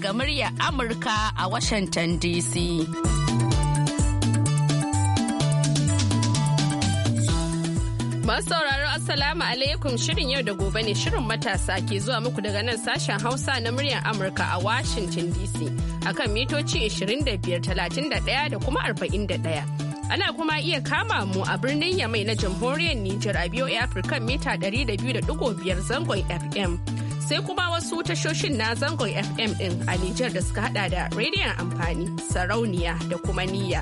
daga murya Amurka a Washington DC. Masu sauraro Assalamu alaikum shirin yau da gobe ne shirin matasa ke zuwa muku daga nan sashen Hausa na muryar Amurka a Washington DC akan mitoci 25,31 da kuma 41. Ana kuma iya kama mu a birnin Yamai na jamhuriyar Nijar a biyo Afirka mita 200.5 zangon FM. sai kuma wasu tashoshin na zangon FM ɗin a Nijar da suka hada da rediyon amfani, sarauniya da kuma niyya.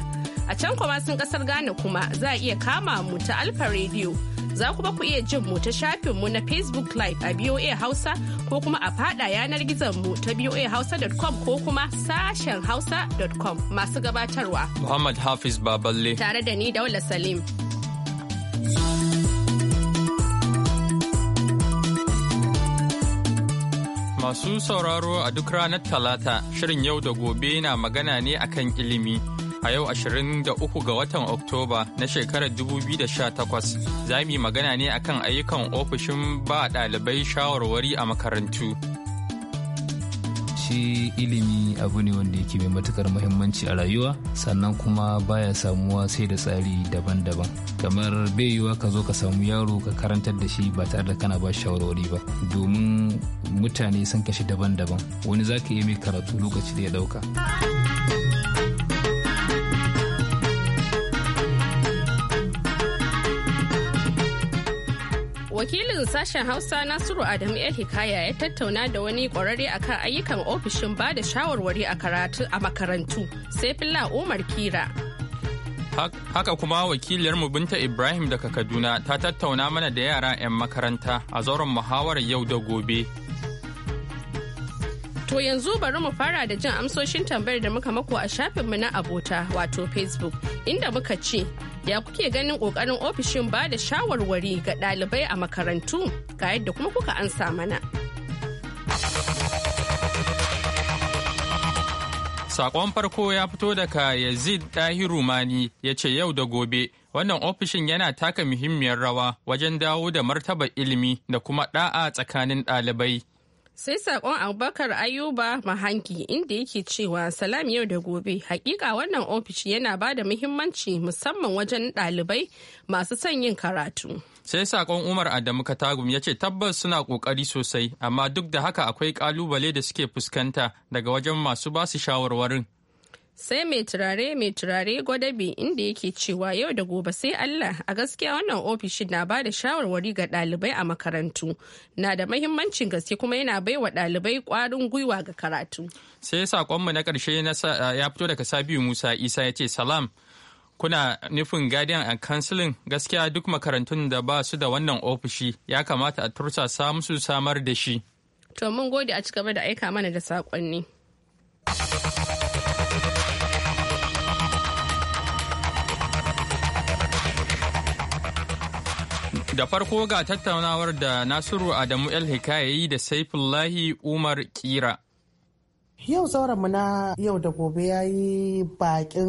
A can kuma sun kasar Ghana kuma za a iya kama mu ta Alfa Radio. Za kuma ku iya jin mu ta shafin mu na Facebook Live a BOA Hausa ko kuma a fada yanar gizon mu ta boahausa.com ko kuma sashen hausa.com masu gabatarwa. Muhammad Hafiz Baballe. Tare da ni Daula Salim. Masu sauraro a duk ranar Talata, shirin yau da gobe na magana ne akan ilimi. A yau 23 ga watan Oktoba na shekarar 2018 za mu yi magana ne akan ayyukan ofishin ba ɗalibai shawarwari a makarantu. shi ilimi abu ne wanda yake mai matukar muhimmanci a rayuwa sannan kuma baya samuwa sai da tsari daban-daban kamar bai yiwa ka zo ka samu yaro ka karantar da shi ba tare da kana ba shawarwari ba domin mutane sun kashi daban-daban wani zaka iya mai karatu lokaci da ya dauka. wakilin sashen hausa nasiru adamu el hikaya ya tattauna da wani kwararre akan ayyukan ofishin ba da shawarwari a karatu a makarantu sai filla umar kira haka kuma wakiliyarmu binta ibrahim daga kaduna ta tattauna mana da yara 'yan makaranta a zauren muhawarar yau da gobe To yanzu bari mu fara da jin amsoshin tambayar da muka mako a shafinmu na abota wato Facebook inda muka ce ya kuke ganin kokarin ofishin ba da shawarwari ga dalibai a makarantu ga yadda kuma kuka ansa mana. Sakon farko ya fito daga Yazid Dahiru Mani ya ce yau da gobe wannan ofishin yana taka muhimmiyar rawa wajen dawo da martaba ilimi da kuma ɗa'a tsakanin ɗalibai. sai sakon abubakar ayuba mahanki inda yake cewa salam yau da gobe hakika wannan ofishi yana ba da muhimmanci musamman wajen dalibai masu son yin karatu sai sakon umar adamu katagum ya ce tabbas suna kokari sosai amma duk da haka akwai kalubale da suke fuskanta daga wajen masu basu shawarwarin sai mai turare mai turare gwadabi inda yake cewa yau da gobe sai Allah a gaskiya wannan ofishin na ba da shawarwari ga dalibai a makarantu na da mahimmancin gaske kuma yana baiwa dalibai kwarin gwiwa ga karatu sai saƙonmu na karshe ya fito daga sabiu musa isa ya ce salam kuna nufin guardian and counseling gaskiya duk makarantun da ba su da wannan ofishi ya kamata a tursasa musu samar da shi to mun gode a ci gaba da aika mana da saƙonni Da farko ga tattaunawar da Nasiru Adamu El Hikayayi da Saifullahi Umar Kira. Yau zauranmu na yau da gobe ya yi bakin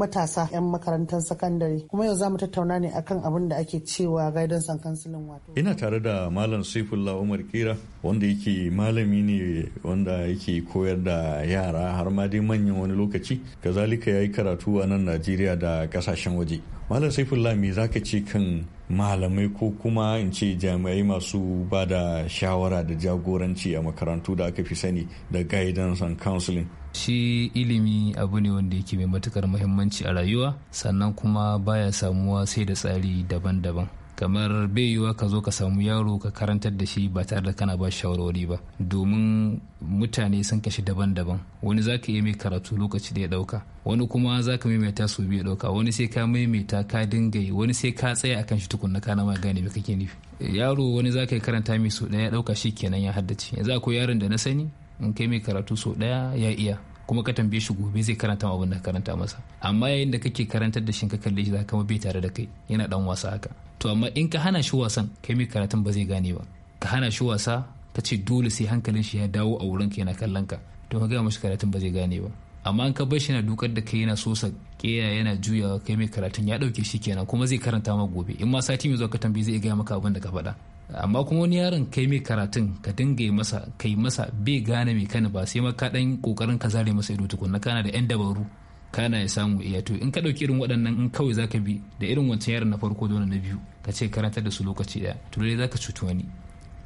matasa 'yan makarantar sakandare kuma yau za mu tattauna ne akan abin da ake cewa gaidan san kansulin wato. Ina tare da Malam Saifullah Umar Kira wanda yake malami ne wanda yake koyar da yara har ma dai manyan wani lokaci. Kazalika ya yi karatu a nan Najeriya da kasashen waje. Malam Saifullah me za ka ce kan malamai ko kuma in ce jami'ai masu ba da shawara da jagoranci a makarantu da aka fi sani da guidance and counseling shi ilimi abu ne wanda yake mai matukar muhimmanci a rayuwa sannan kuma baya samuwa sai da tsari daban-daban kamar bai yiwuwa ka zo ka samu yaro ka karantar da shi ba tare da kana ba shawarwari ba domin mutane sun kashi daban-daban wani za ka iya mai karatu lokaci da ya dauka wani kuma za ka maimaita su biyu dauka wani sai ka maimaita ka dinga yi wani sai ka tsaya akan shi tukunna kana ma gane me kake nufi yaro wani za ka yi karanta mai su daya ya dauka shi kenan ya haddace yanzu akwai yaron da na sani in kai mai karatu so daya ya iya kuma ka tambaye shi gobe zai karanta abin da karanta masa amma yayin da kake karantar da shi ka kalle shi zaka bai tare da kai yana dan wasa haka to amma in ka hana shi wasan kai mai karatun ba zai gane ba ka hana shi wasa ka ce dole sai hankalin shi ya dawo a wurin ka yana kallon ka to ka gaya mashi karatun ba zai gane ba amma in ka bar shi yana dukar da kai yana sosa keya yana juyawa kai mai karatun ya dauke shi kenan kuma zai karanta ma gobe in ma sati mai zuwa ka tambaye zai gaya maka abin da ka faɗa amma kuma wani yaron kai mai karatun ka dinga masa kai masa bai gane mai kana ba sai maka dan kokarin ka zare masa ido tukunna kana da yan dabaru kana ya samu iya to in ka dauki irin waɗannan in kawai zaka bi da irin wancan yaron na farko dole na biyu ka ce karantar da su lokaci daya to dai zaka cutu wani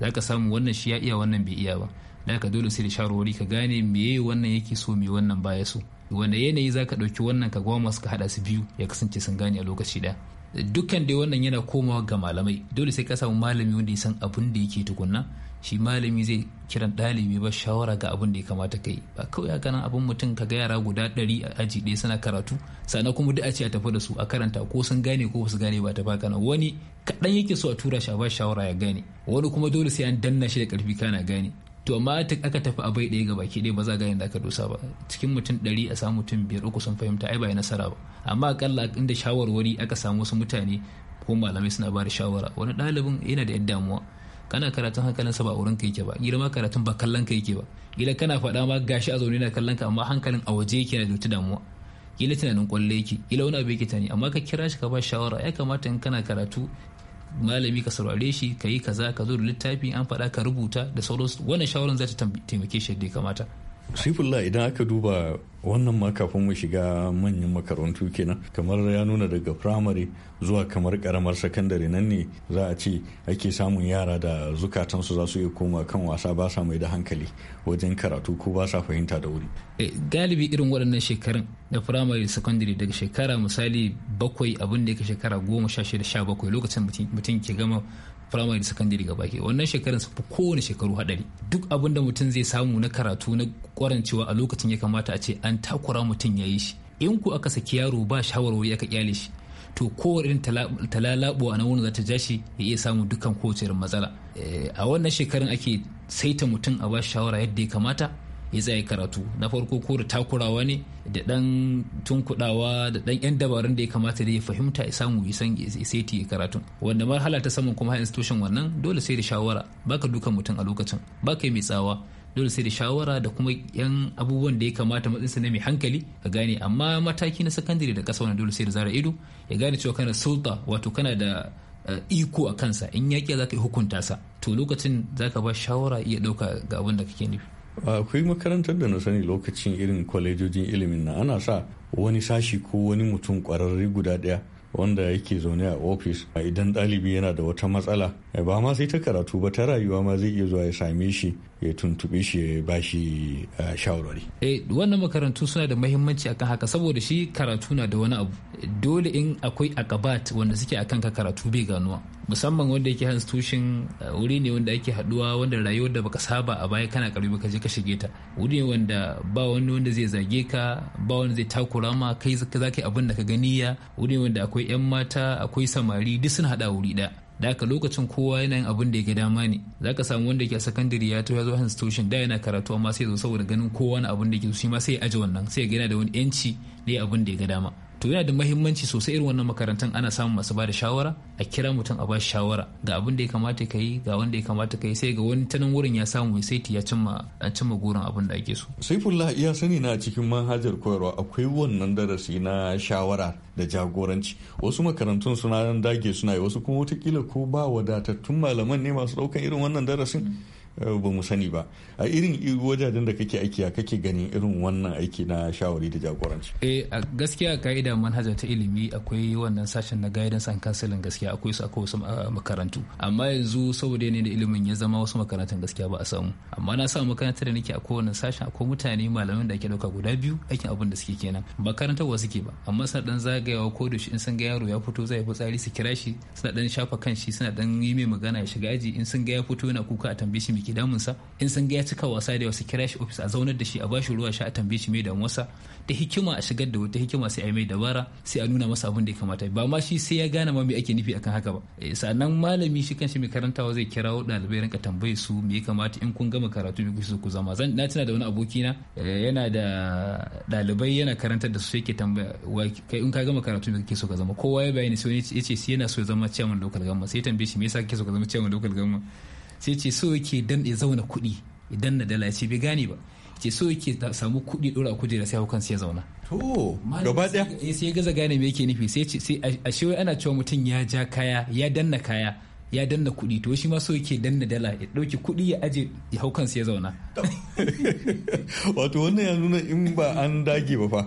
zaka samu wannan shi ya iya wannan bai iya ba da ka dole sai da shawarwari ka gane meye wannan yake so me wannan baya so wanda yanayi zaka ɗauki wannan ka goma su ka hada su biyu ya kasance sun gane a lokaci daya dukkan dai wannan yana komawa ga malamai dole sai ka samu malami wanda ya san abin da yake tukunna shi malami zai kiran ɗalibi ba shawara ga abin da ya kamata ka yi ba kawai haka nan abin mutum ka ga yara guda ɗari a aji ɗaya suna karatu sannan kuma duk a ce a tafi da su a karanta ko sun gane ko su gane ba ta baka nan wani kaɗan yake so a tura shi a ba shawara ya gane wani kuma dole sai an danna shi da ƙarfi kana gane to amma aka tafi abai ɗaya ga baki ɗaya ba za a yadda aka dosa ba cikin mutum ɗari a samu mutum biyar uku sun fahimta ai ba ya nasara ba amma akalla inda shawarwari aka samu wasu mutane ko malamai suna ba da shawara wani ɗalibin yana da yan damuwa kana karatun sa ba wurin ka yake ba ma karatun ba kallon ka yake ba gila kana faɗa ma gashi a zaune na kallon ka amma hankalin a waje yake na da damuwa kila tunanin kwallo yake kila wani abu yake ne amma ka kira shi ka ba shawara ya kamata in kana karatu malami ka saurare shi ka yi kaza ka zo da littafi an faɗa ka rubuta da sauransu wannan shawaran za ta taimake shi da ya kamata Sifullah idan aka duba wannan ma kafin mu shiga manyan makarantu kenan kamar ya nuna daga firamare zuwa kamar karamar sakandare nan ne za a ce ake samun yara da zukatansu za su iya koma kan wasa ba sa mai da hankali wajen karatu ko ba sa fahimta da wuri. Eh, galibi irin waɗannan shekarun da firamare sakandare daga shekara misali bakwai abin da yake shekara goma sha shida sha bakwai lokacin mutum ke gama da sakandare gaba ke wannan shekarun fi kowane shekaru hadari duk abin da mutum zai samu na karatu na kwarancewa a lokacin ya kamata a ce an takura mutum ya yi shi in ku aka saki yaro ba shawarwari aka kyale shi to kowane irin talalabo a nan za ta ja shi ya iya samun dukkan kowace irin matsala eh, a wannan shekarun ake saita mutum a ba shawara yadda ya kamata ya tsaya karatu na farko ko da takurawa ne da dan tunkudawa da dan yan dabarun da ya kamata da ya fahimta ya samu ya san saiti ya karatu wanda marhala ta saman kuma high institution wannan dole sai da shawara baka dukan mutum a lokacin baka yi mai tsawa dole sai da shawara da kuma yan abubuwan da ya kamata matsayinsa na mai hankali ka gane amma mataki na sakandare da kasa wannan dole sai da zara ido ya gane cewa kana sulta wato kana da eh, iko a kansa in yaƙi za ka hukunta sa to lokacin za ka ba shawara iya ɗauka ga abin da kake nufi akwai makarantar da na sani lokacin irin kwalejojin ilimin na ana sa wani sashi ko wani mutum kwararre guda daya wanda yake zaune a ofis idan ɗalibi yana da wata matsala ba ma sai ta karatu ba ta rayuwa ma zai iya zuwa ya same shi ya tuntube shi ya ba shi shawarwari. Eh wannan makarantu suna da mahimmanci akan haka saboda shi karatu na da wani abu dole in akwai akabat wanda suke akan ka karatu bai ganuwa musamman wanda yake hans tushin wuri ne wanda ake haduwa wanda rayuwar da baka saba a baya kana karbi ka je ka shige ta wuri ne wanda ba wani wanda zai zage ka ba wani zai takura ma kai za ka yi abin da ka gani ya wuri ne wanda akwai yan mata akwai samari duk sun hada wuri daya da aka lokacin kowa yana yin abin da ya yake dama ne za ka samu wanda ke a sakandare ya to ya zo institution da yana karatu amma sai zo saboda ganin kowa na abin da so shi ma sai ya aji wannan sai ya gina da wani yanci ne abin da ya ga dama to yana da mahimmanci sosai irin wannan makarantun ana samun masu ba da shawara a kira mutum a shi shawara ga abin da ya kamata ka yi ga wanda ya kamata ka yi sai ga wani tanan wurin ya samu ya saiti ya cimma cimma gurin abin da ake so saifullah iya sani na cikin manhajar koyarwa akwai wannan darasi na shawara da jagoranci wasu makarantun suna nan dage suna yi wasu kuma watakila ko ba wadatattun malaman ne masu daukan irin wannan darasin Eh, ba mu sani ba a irin wajajen da kake aiki a kake ganin irin wannan aiki na shawari da jagoranci eh a gaskiya ka'ida manhaja ta ilimi akwai wannan sashen na guidance and counseling gaskiya akwai su akwai wasu makarantu amma yanzu saboda ne da ilimin ya zama wasu makarantun gaskiya ba a samu amma na samu makarantar da nake a kowane sashen akwai mutane malaman da ake dauka guda biyu aikin abin da suke kenan makarantar wasu ke ba amma suna dan zagayawa ko da shi in sun ga yaro ya fito zai fi tsari su kira shi suna dan shafa kan shi suna dan yi mai magana ya shiga aji in sun ga ya fito yana kuka a tambaye shi me ke damunsa in san ga ya cika wasa da wasu kira shi ofis a zaunar da shi a bashi ruwa sha a tambaye shi mai damuwarsa ta hikima a shigar da wata hikima sai a yi mai dabara sai a nuna masa abin da ya kamata ba ma shi sai ya gane ma me ake nufi akan haka ba eh, sannan malami shi kanshi mai karantawa zai kirawo ɗalibai rinka tambaye su me ya kamata in kun gama karatu me kuke ku zama zan na tuna da wani abokina eh, yana da ɗalibai yana karantar da su sai ke tambaya kai in ka gama karatu me kake so ka zama kowa ya bayani sai wani ya ce yana so ya zama chairman local government sai tambaye shi me yasa kake so ka zama chairman local government sai ce so yake dan ya zauna kuɗi idan na dala ce bai gane ba ce so yake samu kuɗi ɗora kujera sai haukan sai ya zauna to gaba ɗaya sai ya gaza gane me yake nufi sai ce sai a ana cewa mutum ya ja kaya ya danna kaya ya danna kuɗi to shi ma so yake danna dala ya ɗauki kuɗi ya aje ya hau kansa ya zauna wato wannan ya nuna in ba an dage ba fa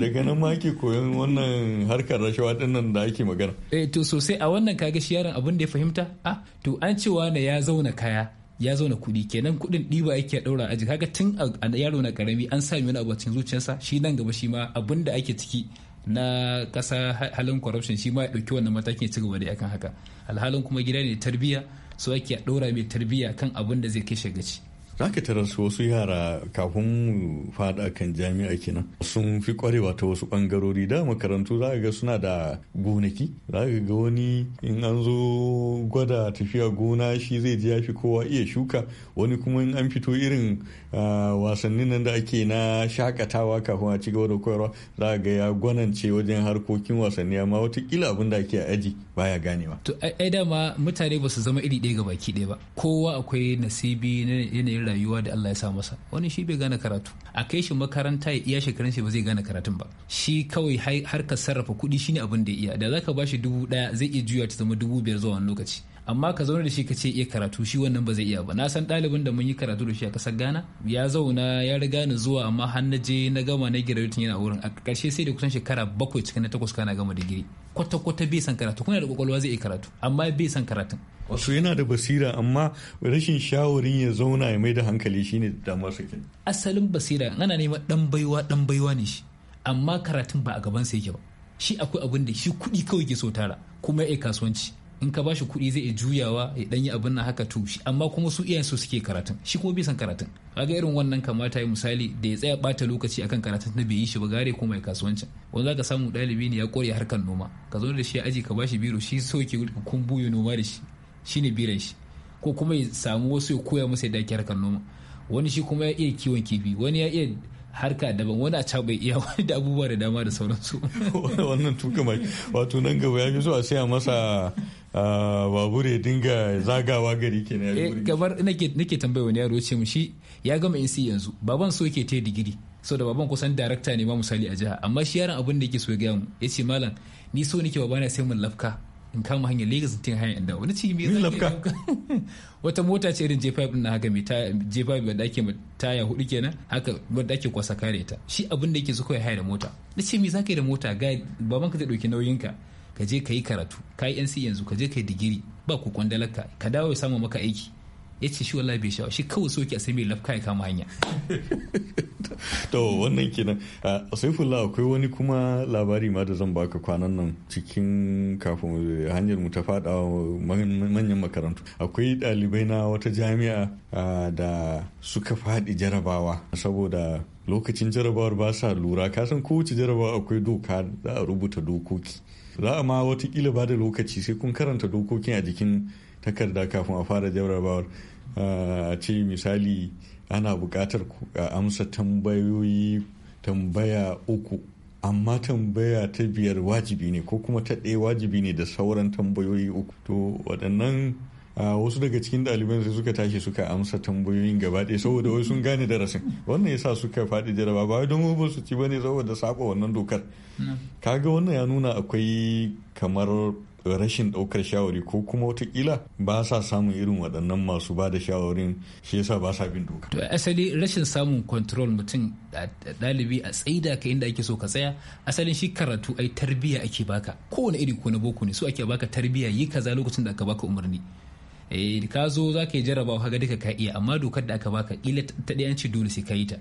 daga nan ma ke koyon wannan harkar rashawa dinnan nan da ake magana eh to sosai a wannan kaga shi yaron abin da ya fahimta ah to an cewa na ya zauna kaya ya zauna kuɗi kenan kuɗin ɗiba yake ɗaura aji kaga tun a yaro na ƙarami an sami wani abu a cikin zuciyarsa shi nan gaba shi ma abin da ake ciki na kasa halin corruption shi ma ya dauki wannan matakin ya ci gaba da akan haka alhalin kuma gida ne tarbiyya su ake a ɗora mai tarbiyya kan abin da zai kai shi gaci za ka tarar su wasu yara kafin fada kan jami'a kenan sun fi kwarewa ta wasu bangarori da makarantu za ga suna da gonaki za ga wani in an zo gwada tafiya gona shi zai ji ya fi kowa iya shuka wani kuma in an fito irin wasannin nan da ake na shakatawa kafin a ci gaba da koyarwa za ga ya gwanance wajen harkokin wasanni amma watakila abin da ake aji baya ganewa. to ai dama mutane ba su zama iri ɗaya ga baki ɗaya ba kowa akwai nasibi na yanayin rayuwa da Allah ya sa masa wani shi bai gane karatu a kai shi makaranta ya iya shekarun shi ba zai gane karatun ba shi kawai har ka sarrafa kuɗi shine abin da ya iya da zaka ba shi dubu ɗaya zai iya juya ta zama dubu biyar zuwa wani lokaci amma ka zauna da shi ka ce iya karatu shi wannan ba zai iya ba na san ɗalibin da mun yi karatu da shi a ƙasar ghana ya zauna ya riga ni zuwa amma har na je na gama na girarin yana wurin a ƙarshe sai da kusan shekara bakwai cikin na takwas kana gama digiri kwata kwata bai san karatu kuna da kwakwalwa zai iya karatu amma bai san karatun wasu yana da basira amma rashin shawarin ya zauna ya mai da hankali shine damar su asalin basira ana neman dan baiwa dan baiwa ne shi amma karatun ba a gaban sa yake ba shi akwai abin da shi kuɗi kawai ke so tara kuma ya kasuwanci in ka bashi kuɗi zai juyawa ya danyi abin nan haka to shi amma kuma su iyayen su suke karatun shi kuma bai san karatun kaga irin wannan kamata ya misali da ya tsaya bata lokaci akan karatun na bai yi shi ba gare ko mai kasuwancin wanda zaka samu ɗalibi ne ya kore harkar noma ka zo da shi aji ka bashi biro shi so ke kun buyo noma da shi shine biran shi ko kuma ya samu wasu ya koya masa yadda ake harkar noma wani shi kuma ya iya kiwon kifi wani ya iya harka daban wani a can bai iya wani da abubuwa da dama da sauransu wannan tuka mai wato nan gaba ya fi so a masa Ah, babur ya dinga zagawa gari kenan eh, gabar nake tambaya wani yaro ce shi ya gama NC yanzu baban so yake ta digiri so da baban kusan darakta ne ma misali a jiha amma shi yaron abin da yake so ya gaya mu ya ce malam ni so nake na sai mun lafka in kama hanyar Lagos tun hanyar inda wani ci zai lafka wata mota ce irin J5 din haka mai taya J5 wanda ake taya hudu kenan haka wanda ake kwasa kare ta shi abin da yake so kai haya da mota ce mai zaka yi da mota ga baban ka zai dauki nauyin ka ka je ka yi karatu ka yi NC yanzu ka je ka yi digiri ba ku kwandalarka ka dawo ya samu maka aiki ya ce shi wallahi bai sha'awa shi kawai soke a sai mai lafka ya kama hanya to wannan kenan saifullah akwai wani kuma labari ma da zan baka kwanan nan cikin kafin hanyar mu ta fada manyan makarantu akwai ɗalibai na wata jami'a da suka faɗi jarabawa saboda lokacin jarabawar ba sa lura kasan kowace jarabawa akwai doka da rubuta dokoki za a ma watakila ba da lokaci sai kun karanta dokokin a jikin takarda kafin a fara jarrabawar a ce misali ana buƙatar a amsa tambayoyi tambaya uku amma tambaya ta biyar wajibi ne ko kuma ta ɗaya wajibi ne da sauran tambayoyi uku to waɗannan wasu daga cikin ɗaliban sai suka tashi suka amsa tambayoyin gaba ɗaya saboda wai sun gane darasin wannan yasa suka faɗi jaraba ba don mu su ci bane saboda saba wannan dokar kaga wannan ya nuna akwai kamar rashin ɗaukar shawari ko kuma watakila ba sa samun irin waɗannan masu ba da shawarin shi yasa ba sa bin doka. To asali rashin samun control mutum ɗalibi a tsaida ka inda ake so ka tsaya asalin shi karatu ai tarbiya ake baka kowane iri ko na boko ne so ake baka tarbiyya yi kaza lokacin da aka baka umarni. eh ka zo za ka yi jarabawa kaga duka ka iya amma dokar da aka baka kila ta ɗaya ce dole sai ka yi ta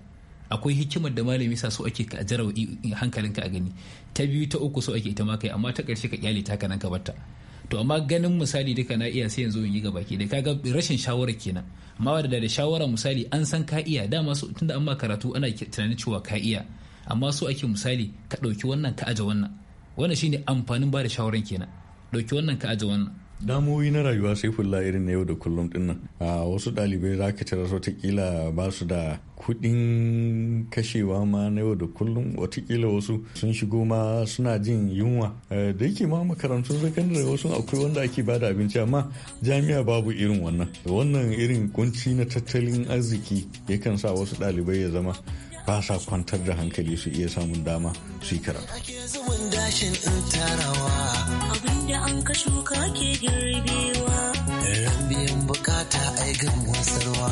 akwai hikimar da malami sa so ake ka jarawa hankalinka a gani ta biyu ta uku so ake ita ma kai amma ta ƙarshe ka kyale ta nan ka batta to amma ganin misali duka na iya sai yanzu in yi gaba ke da kaga rashin shawara kenan amma da da shawara misali an san ka iya dama su tunda an ma karatu ana tunanin cewa ka iya amma so ake misali ka ɗauki wannan ka aje wannan wannan shine amfanin ba da shawaran kenan ɗauki wannan ka aje wannan damoyi na rayuwa sai fulla irin na yau da kullum dinnan a wasu ɗalibai za ka tarar watakila ba su da kuɗin kashewa ma na yau da kullum watakila wasu sun shigo ma suna jin yunwa eh, da yake ma makarantun sakandare wasu akwai wanda ake ba da abinci amma jami'a babu irin wannan wannan irin kunci na tattalin arziki yakan sa wasu ɗalibai ya zama ba sa kwantar da hankali su iya samun dama su yi karatu. Ake dashin in tarawa. Abinda an ka shuka ke girbewa. Ran biyan bukata ai gan wasarwa.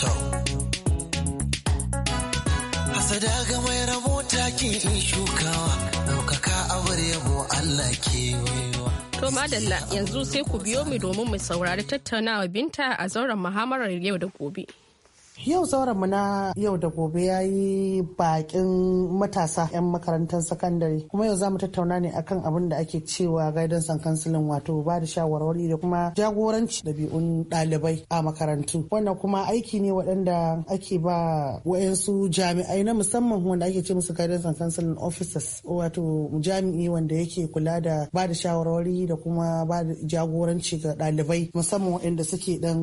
To. Hasada ga mai rabo take in shukawa. Ɗaukaka a abar yabo Allah ke baiwa. To madalla yanzu sai ku biyo mu domin mu saurari tattaunawa binta a zauren muhammarar yau da gobe. Yau mu na yau da gobe ya yi bakin matasa 'yan makarantar sakandare kuma yau za mu tattauna ne akan abin da ake cewa guidance and counseling wato ba da shawarwari da kuma jagoranci ɗabi'un ɗalibai a makarantu. Wannan kuma aiki ne waɗanda ake ba wa'yansu jami'ai na musamman wanda ake ce musu guidance and counseling officers wato jami'i wanda yake kula da ba da shawarwari da kuma ba da jagoranci ga ɗalibai musamman waɗanda suke ɗan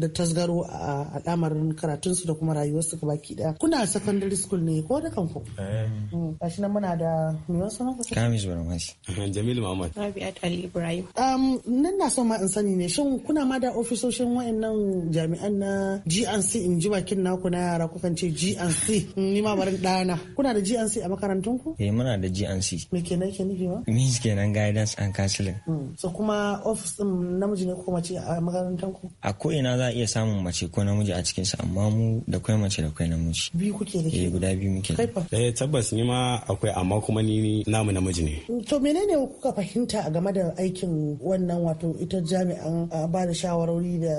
da tasgaro a al'amarin karatu. karatunsu da kuma rayuwarsu ga baki daya kuna secondary school ne ko da kanku eh. mm, shi nan muna da me wasu na kusa kamis barmashi jamil muhammad rabi'at ali ibrahim um nan na son ma in sani ne shin kuna ma da ofisoshin wayannan jami'an na GNC in ji bakin naku na yara kukan ce GNC mm, ni ma barin dana kuna da GNC a makarantun ku eh muna da GNC me kenan ke nufi ma means kenan guidance and counseling mm, so kuma office din namiji ne ko mace a makarantar ku a ko ina za a iya samun mace ko namiji a cikin sa amma amma mu da kwai mace da kwai namiji biyu kuke da shi eh, guda biyu muke eh tabbas ni ma akwai amma kuma ni namu namiji ne to menene kuka fahimta a game da aikin wannan wato ita jami'an ba da shawarwari da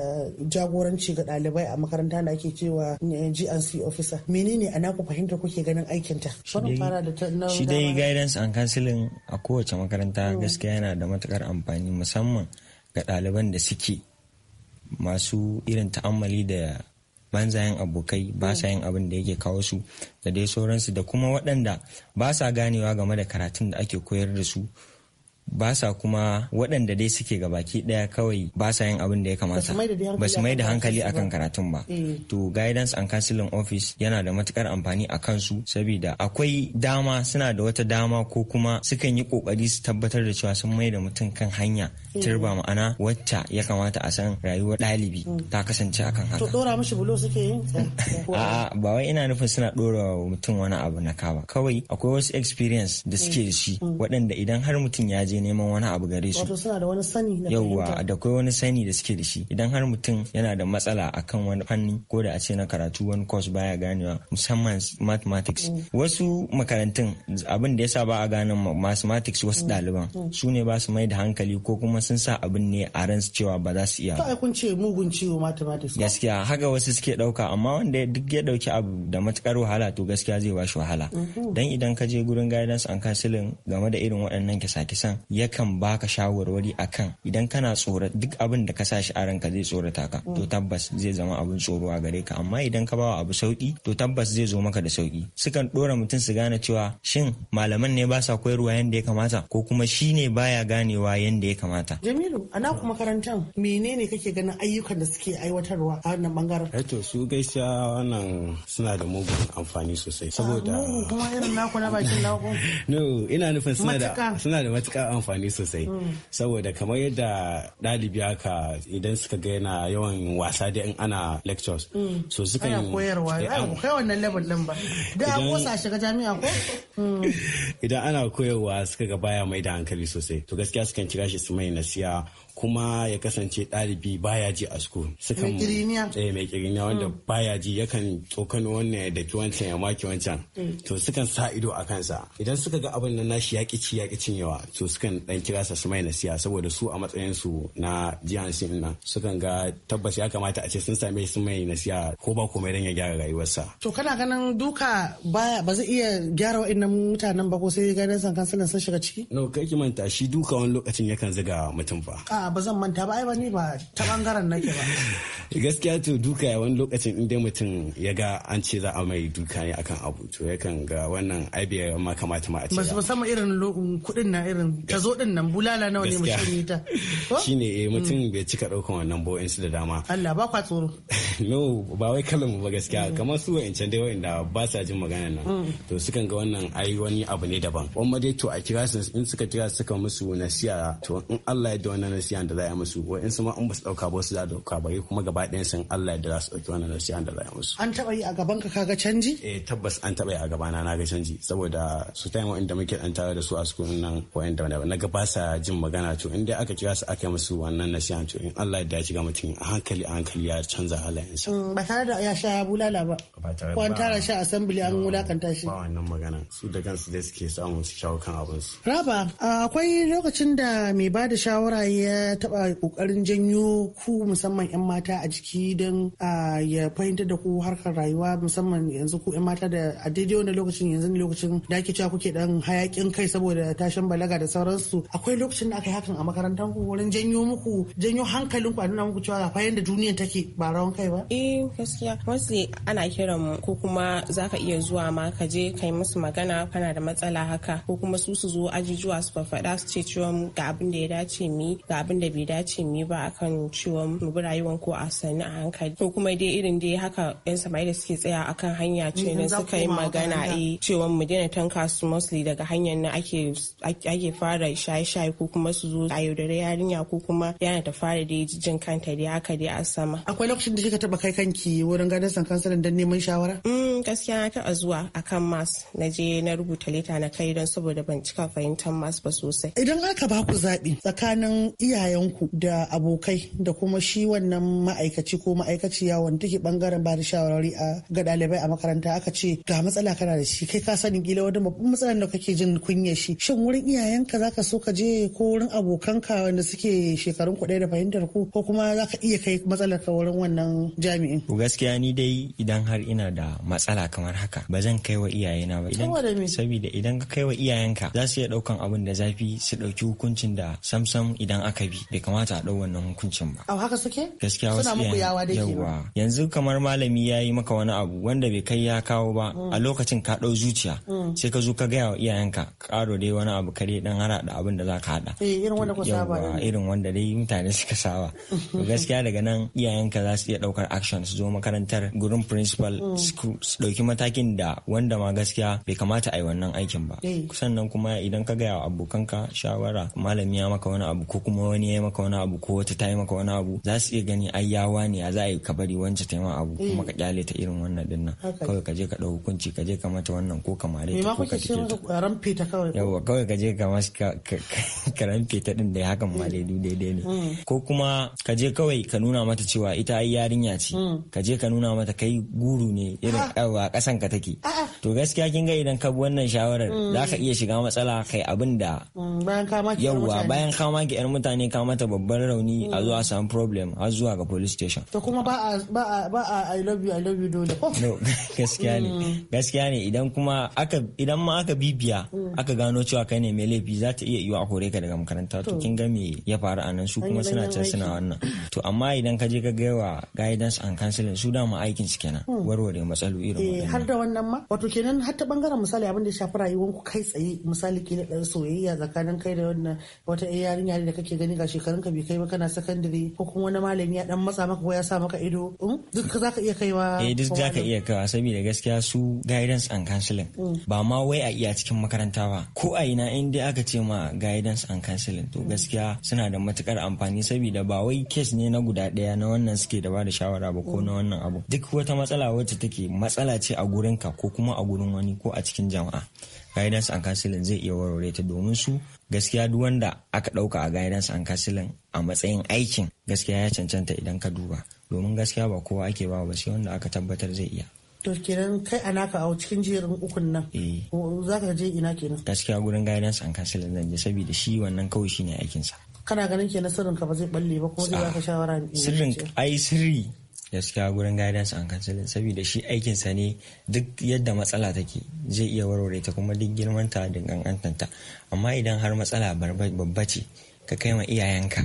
jagoranci ga ɗalibai a makaranta da ake cewa eh, GNC officer menene ana ku fahimta kuke ganin aikin ta shi dai guidance and counseling a kowace makaranta mm. gaskiya yana da matukar amfani musamman ga ɗaliban da suke masu irin ta'ammali da banzayen abokai ba sa yin abin da yake kawo su da dai sauransu da kuma waɗanda ba sa ganewa game da karatun da ake koyar da su ba sa kuma waɗanda dai suke ga baki ɗaya kawai ba sa yin abin da ya kamata ba su mai da hankali akan karatun ba eh. to guidance and counseling office yana da matukar amfani a kansu saboda akwai dama suna da wata dama ko kuma sukan yi kokari su tabbatar da cewa sun mai da mutum kan hanya eh. turba ma'ana wacce ya kamata a san rayuwar ɗalibi mm. ta kasance akan haka to a'a ba wai ina nufin suna dora mutum wani abu na kawa. kawai akwai wasu experience da suke da shi mm. Mm. waɗanda idan har mutum ya je je neman wani abu gare su wato da wani kai wani sani da suke da shi idan har mutum yana da matsala akan wani fanni ko da a ce na karatu wani course baya ganewa musamman mathematics mm. wasu makarantun abin da yasa ba a gane mathematics wasu mm. ɗaliban mm. su ne ba su mai da hankali ko kuma sun sa abin ne a ran cewa ba za su iya ta kun ce mugun ciwo mathematics gaskiya haka wasu suke ɗauka amma wanda duk ya ɗauki abu da matukar wahala to gaskiya zai ba shi wahala mm-hmm. dan idan ka je gurin guidance and counseling game da irin waɗannan kisa-kisan yakan baka shawarwari akan idan kana tsoro duk abin da ka sashi a ranka zai tsorata ka to tabbas zai zama abin tsoro a gare ka amma idan ka bawa abu sauki to tabbas zai zo maka da sauki sukan dora mutum su gane cewa shin malaman ne ba sa koyarwa yanda ya kamata ko kuma shi ne baya ganewa yanda ya kamata Jamilu a kuma makarantar menene kake ganin ayyukan da suke aiwatarwa a wannan bangaren eh to su gaisa wannan suna da mugun amfani sosai saboda ah, kuma irin naku na bakin naku no ina nufin da suna da matuƙa amfani sosai hmm. saboda kamar yadda ɗalibi haka idan suka ga yana yawan wasa da in ana lectures hmm. so suka yi koyarwa eh, kai wannan level din ba da a kosa shiga jami'a ko hmm. idan ana koyarwa suka ga baya mai da hankali sosai to gaskiya sukan kira shi su mai nasiya kuma ya kasance ɗalibi baya ji a school sukan eh mai kiriniya wanda mm. baya ji yakan tsokano wannan ya daki wancan ya maki wancan mm. to sukan sa ido a kansa idan suka ga abin nan nashi yaki ci yaki yawa to sukan dan kira sa su mai nasiya saboda su a matsayin su na jiyan sin nan sukan ga tabbas ya kamata a ce sun same su mai nasiya ko ba komai dan ya gyara rayuwarsa to kana ganin duka baya ba zai iya gyara wa'annan mutanen ba ko sai ganin san kansulan sun shiga ciki no kai ki manta shi duka wani lokacin yakan ziga mutum fa ah. ba zan manta ba ai ba ni ba ta bangaren nake ba gaskiya to duka ya wani lokacin inda mutum ya ga an ce za a mai duka ne akan abu to yakan ga wannan aibiya ma kamata ma a ce sama irin kudin na irin ta zo din nan bulala nawa ne mutum ta shine eh mutum mm. bai cika daukan wannan in su da dama Allah ba kwa tsoro no ba wai kallon ba gaskiya mm. kamar su wa'ancan dai wa'anda ba sa jin magana nan mm. to sukan ga wannan ai wani abu ne daban wamma dai to a kira su in suka kira suka musu nasiya to in Allah ya da wannan nasiya nasiyan da za a musu wa'in su ma in ba su dauka ba su za dauka ba kuma gaba ɗayan sun Allah da za su dauki wannan nasiyan da za a musu an taɓa yi a gaban ka kaga canji eh tabbas an taɓa yi a gabana na ga canji saboda su tayin wa'inda muke ɗan tare da su a cikin nan wa'inda na ga ba sa jin magana to in dai aka kira su aka yi musu wannan nasiyan to in Allah da ya shiga mutum a hankali a hankali ya canza halayensa mm, ba tare da ya sha bulala ba ko an tara shi assembly an wulakanta shi ba wannan magana su da kansu dai suke samu su shawo kan abin su raba akwai lokacin da mai ba da shawara ya ya taba kokarin janyo ku musamman 'yan mata a jiki don ya fahimtar da ku harkar rayuwa musamman yanzu ku 'yan mata da a daidai wanda lokacin yanzu ne lokacin da ake cewa kuke dan hayakin kai saboda tashin balaga da sauransu akwai lokacin da aka yi hakan a makarantar ku wurin janyo muku janyo hankalin ku a nuna muku cewa fa yanda duniya take ba rawan kai ba eh gaskiya mostly ana kiran mu ko kuma zaka iya zuwa ma ka je kai musu magana kana da matsala haka ko kuma su su zo ajujuwa su faɗa su ce cewa ga abin da ya dace mu ga abin da bai dace mu ba akan ciwon mu bi rayuwan ko a sani a hankali ko kuma dai irin dai haka yan samari da suke tsaya akan hanya mm, ce ne suka yi magana a eh, cewa mu daina tanka su mostly daga hanyar na ake fara shaye-shaye ko kuma su zo a yaudare yarinya ko kuma yana ta fara da jijin kanta dai haka dai a sama akwai lokacin da kika taba kai kanki wurin ganin san kansalan dan neman shawara mm, gaskiya na taba zuwa akan mas na je na rubuta leta na kai don saboda ban cika fahimtar mas ba sosai idan aka ba ku zaɓi tsakanin iya iyayenku da abokai da kuma shi wannan ma'aikaci ko ma'aikaciya wanda take bangaren ba da shawarwari a ga ɗalibai a makaranta aka ce ga matsala kana da shi kai ka sani gila wani babban matsalar da kake jin kunya shi shin wurin iyayenka zaka so ka je ko wurin abokanka wanda suke shekarun ku da fahimtar ku ko kuma zaka iya kai matsalar ka wurin wannan jami'in. gaskiya ni dai idan har ina da matsala kamar haka ba zan kai wa iyayena ba idan saboda idan ka kai wa iyayenka za su iya ɗaukan abin da zafi su ɗauki hukuncin da samsam idan aka bi bi bai kamata a ɗau wannan hukuncin ba. Au haka suke? Gaskiya wasu yawa yanzu kamar malami ya yi maka wani abu wanda bai kai ya kawo ba mm. a lokacin ka ɗau zuciya mm. sai ka zo ka gaya wa iyayenka ƙaro dai wani abu kare dan hara da abin da za ka haɗa. Eh, irin wanda ku saba. Irin wanda dai mutane suka saba. Gaskiya daga nan iyayenka za su iya ɗaukar action su zo makarantar gurin principal mm. su ɗauki matakin da wanda ma gaskiya bai kamata a yi wannan aikin ba. Eh. Sannan kuma idan ka gaya wa abokanka shawara malami ya maka wani abu ko kuma wani wani ya maka wani abu ko wata ta yi maka wani abu za su iya gani ai ya wani a za a yi ka bari wancan ta yi abu kuma mm. ka kyale ta irin wannan din nan kawai ka je ka ɗau hukunci ka je ka mata wannan ko ka mare ta ko ka tike ta ramfe ta kawai yawa kawai ka je ka masu ka rampe ta din da ya hakan male du daidai ne mm. Mm. ko kuma ka je kawai ka nuna mata cewa ita ai yarinya ce ka je ka nuna mata kai guru ne irin ah. a kasan ka take ah, ah. to gaskiya kin ga idan ka bi wannan shawarar za ka iya shiga matsala kai abin da yawa bayan kama ki yan mutane ne ka mata babban rauni a zuwa mm. samu problem har zuwa ga police station to kuma ba a ba a ba a i love you i love you dole no gaskiya ne mm. gaskiya ne idan kuma aka idan ma aka bibiya mm. aka gano cewa kai ne mai laifi za ta iya yiwa a kore ka daga makaranta to kin ga me ya faru a nan su kuma suna can suna wannan to amma idan ka je ka ga wa guidance and counseling su dama aikin su kenan warware matsaloli irin eh, har da wannan ma wato kenan har ta bangaren misali abin da ya shafi rayuwar ku kai tsaye misali ke da soyayya tsakanin kai da wannan wata yarinya da kake gani gani ga shekarun ka bai kai ba kana sakandare ko kuma wani malami ya dan matsa maka ko ya sa maka ido um, duk za ka iya kaiwa eh duk za ka iya kaiwa saboda gaskiya su guidance and counseling mm. ba ma wai a iya cikin makaranta ba ko a ina in dai aka ce ma guidance and counseling to mm. gaskiya suna da matukar amfani saboda ba wai kes ne na guda daya na wannan suke da ba da shawara ba ko mm. na wannan abu duk wata matsala wacce take matsala ce a gurinka ko kuma a gurin wani ko a cikin jama'a guidance and counseling zai iya warware ta domin su gaskiya duk wanda aka ɗauka a guidance and counseling a matsayin aikin gaskiya ya cancanta idan ka duba domin gaskiya ba kowa ake ba ba sai wanda aka tabbatar zai iya to kenan kai a naka a cikin jerin ukun nan eh. za ka je ina kenan gaskiya gurin guidance and counseling zan je saboda shi wannan kawai shine aikinsa kana ganin kenan sirrin ka ba zai balle ba kuma zai baka shawara ne sirrin ai sirri gaskiya gurin guidance and counseling saboda shi aikinsa ne duk yadda matsala take zai iya warware ta kuma duk girmanta da gangantanta amma idan har matsala babba ce ka kai ma iyayenka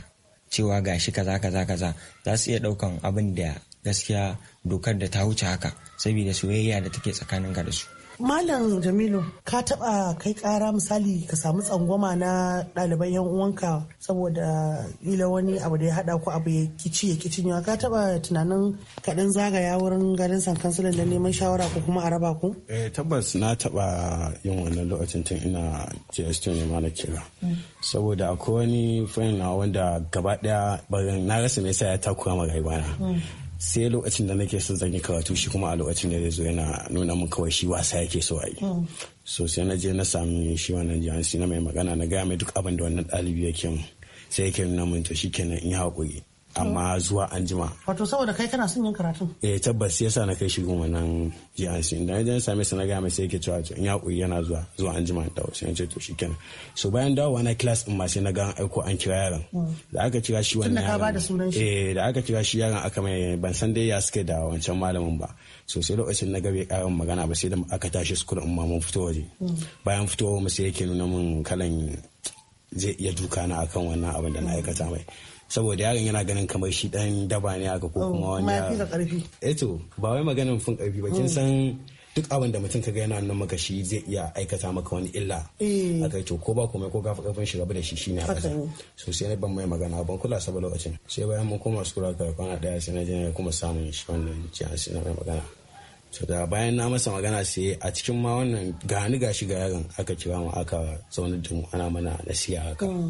cewa gashi kaza kaza kaza za su iya daukan abin da gaskiya dokar da ta wuce haka saboda soyayya da take tsakaninka da su Malam Jamilu, ka taɓa kai ƙara misali ka samu tsangwama na ɗaliban 'yan uwanka saboda ila wani abu da ya haɗa ku abu ya kici ya kici ka taɓa tunanin kaɗan zagaya wurin garin san kansulan da neman shawara ko kuma a raba ku? Eh tabbas na taɓa yin wannan lokacin tun ina js ne mana kira. Mm. Saboda akwai wani fayin wanda gaba ɗaya na rasa me yasa ya takura ma rayuwa na. Mm. sai lokacin da nake so zan yi karatu shi kuma a lokacin da zai zo yana nuna min kawai shi wasa yake so a yi mm. so sai na je na sami shi wannan jihansi na mai magana na gaya mai duk abin da wannan ɗalibi yake mu sai yake nuna min to shi kenan in yi haƙuri amma zuwa an jima. Wato saboda kai kana son yin karatu? Eh tabbas yasa na kai shi goma nan GNC da jan same su na ga mai sai yake cewa in ya koyi yana zuwa zuwa an jima da wasu ce to shikenan. So bayan dawowa na class din ma sai na ga an aiko an kira yaron. Hmm. Da aka kira shi wannan yaron. Eh da aka kira shi yaron aka mai ban san dai ya suke da wancan malamin ba. So sai lokacin na ga bai karin magana ba sai da aka tashi school in ma mun fito waje. Hmm. Bayan fitowa mu sai yake nuna mun kalan zai iya duka na akan wannan abin da na aikata mai saboda yaron yana ganin kamar shi dan daba ne haka ko oh, kuma wani ya eto eh ba wai maganin fin karfi ba kin oh. san duk abin da mutum kaga yana nan maka shi zai iya aikata maka wani illa eh. a kai to ko ba komai ko gafa kafin shi gaba da shi shine a kasa so sai ban mai magana ban kula saboda lokacin sai bayan mun koma kura ka kwana daya sai na je kuma samun shi wannan ci sai na mai magana to da bayan na masa magana sai a cikin ma wannan gani gashi ga yaron aka kira mu aka zauna da ana mana nasiha haka oh.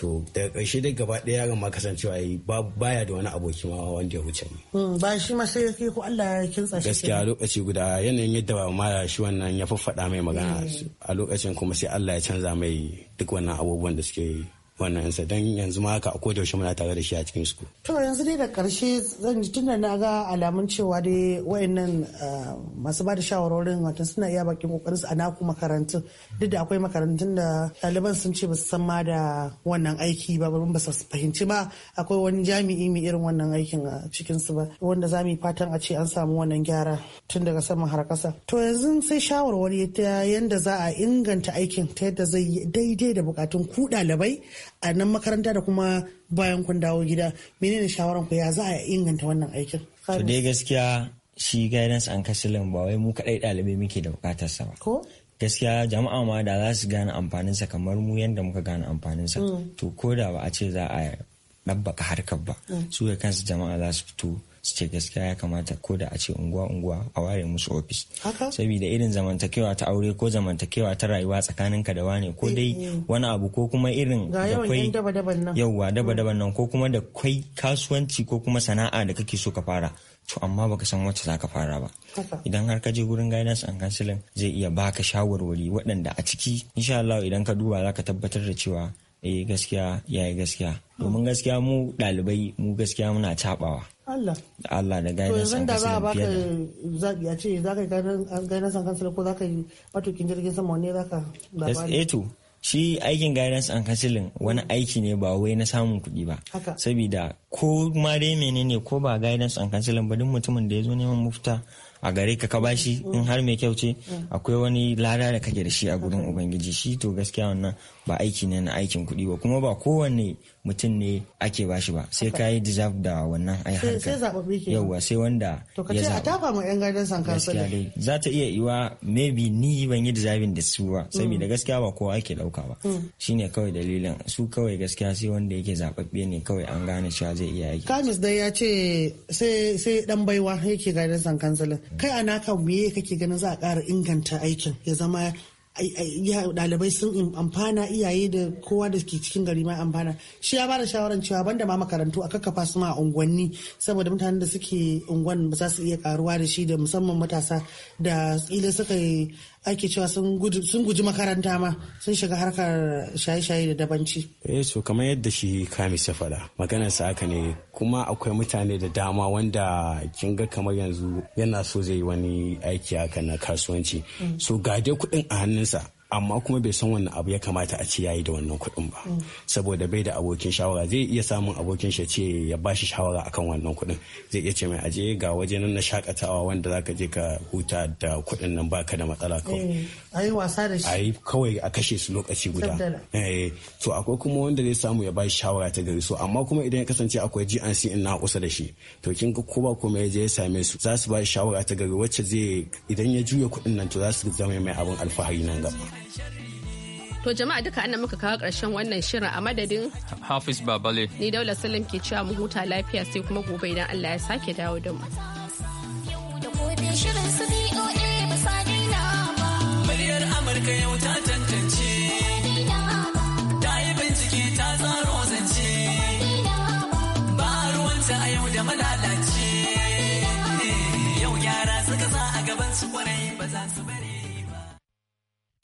to daga ƙarshe dai gaba ɗaya yaron ma kasancewa yi baya da wani aboki ma wanda ya wuce ni. Hmm, ba shi ma sai yake ko Allah ya kintsa shi gaskiya a lokaci guda yanayin yadda ma shi wannan ya faffaɗa mai magana hmm. a lokacin kuma sai Allah ya canza mai duk wannan abubuwan da suke wannan sa dan yanzu ma haka akwai yaushe muna tare da shi a cikin su to yanzu dai da karshe zan ji tunda na ga alamun cewa dai wayannan eh, masu ba da shawarorin wato suna iya bakin kokarin su a naku makarantun duk da akwai makarantun da ɗaliban sun ce ba san ma da wannan aiki ba ba su fahimci ba akwai wani jami'i mai irin wannan aikin a cikin su ba wanda za mu yi fatan a ce an samu wannan gyara tun daga saman har kasa to yanzu sai shawarwari ta yanda za a inganta aikin ta yadda zai daidai da bukatun ku ɗalibai a nan makaranta da kuma bayan kun dawo gida menene shawaran ku ya za a inganta wannan aikin to dai gaskiya shi guidance and counseling ba wai mu kadai ɗalibai muke da bukatar sa ba ko gaskiya jama'a ma da za su gane amfanin sa kamar mu yadda muka gane amfanin sa. Mm. to ko da ba a ce za a ɗabbaka harkar ba mm. su kansu jama'a za su fito su ce gaskiya ya kamata ko da a ce unguwa unguwa a ware musu ofis saboda irin zamantakewa ta aure ko zamantakewa ta rayuwa tsakanin ka da wane ko dai mm, mm. wani abu ko kuma irin da kwai yauwa daba mm. daban nan ko kuma da kwai kasuwanci ko kuma sana'a da kake so ka fara to amma baka san wacce za ka fara ba idan har ka je gurin guidance and counseling zai iya baka shawarwari waɗanda a ciki insha Allah idan ka duba za ka tabbatar da cewa eh gaskiya yayi gaskiya domin gaskiya mu ɗalibai mu gaskiya muna tabawa Allah. Allah da gaidan san da za a baka zabi a za ka gaidan san ko za ka yi matukin jirgin sama ne za ka labari. Eh to shi aikin guidance and counseling wani aiki ne ba wai na samun kuɗi ba Sabida ko ma dai menene ko ba guidance and counseling ba duk mutumin da ya zo neman mafita a gare ka ka bashi in har mai kyau ce mm. akwai wani lara da kake da shi a gurin ubangiji shi to gaskiya wannan ba aiki ne na aikin kuɗi ba kuma ba kowane mutum ne ake bashi ba sai ka yi deserve da wannan ai harkar sai sai wanda to ka ce a tafa yan gadon san kansu ne za ta iya iwa maybe ni ban yi deserving da su ba saboda mm. gaskiya ba kowa ake ɗauka ba mm. shine kawai dalilin su kawai gaskiya sai wanda yake zababbe ne kawai an gane cewa zai iya aiki kamis dai ya ce sai sai dan baiwa yake gadon san kansu mm. kai a naka me kake ganin za a ƙara inganta aikin ya zama dalibai sun amfana iyaye da kowa da ke cikin gari ma amfana shi ya bada shawaran cewa banda ma makarantu a kakkafa su ma unguwanni saboda mutanen da suke unguwan ba za su iya karuwa da shi da musamman matasa da tsile suka yi ake cewa sun guji makaranta ma sun shiga harkar shaye-shaye da dabanci. Eh so kamar yadda shi kamis ya faɗa maganar sa haka ne kuma akwai mutane da dama wanda kin ga kamar yanzu yana so zai yi wani aiki haka na kasuwanci. Mm. So ga dai kuɗin a hannunsa amma kuma bai san wannan abu ya kamata a ce yayi da wannan kuɗin ba mm. saboda bai da abokin shawara zai iya samun abokin shi ce ya bashi shawara akan wannan kuɗin zai iya ce mai aje ga waje nan na shakatawa wanda zaka je ka huta da kuɗin nan baka da matsala kawai eh, ayi wasa da shi ayi kawai a kashe su lokaci guda eh to akwai kuma wanda zai samu ya bashi shawara ta gari so amma kuma idan ya kasance akwai GNC in na kusa da shi to kin ga ko ba kuma ya je ya same su za su bashi shawara ta gari wacce zai idan ya juya kuɗin nan to za su zama mai abin alfahari nan gaba To jama'a duka ana muka kawo ƙarshen wannan shirin a madadin Hafiz Babale. Ni Daula Salim ke cewa mu huta lafiya sai kuma gobe idan Allah ya sake dawo da mu. Muryar Amurka yau ta tantance. Ta yi bincike yau Yau yara suka sa a gaban su kwarai ba za su bari.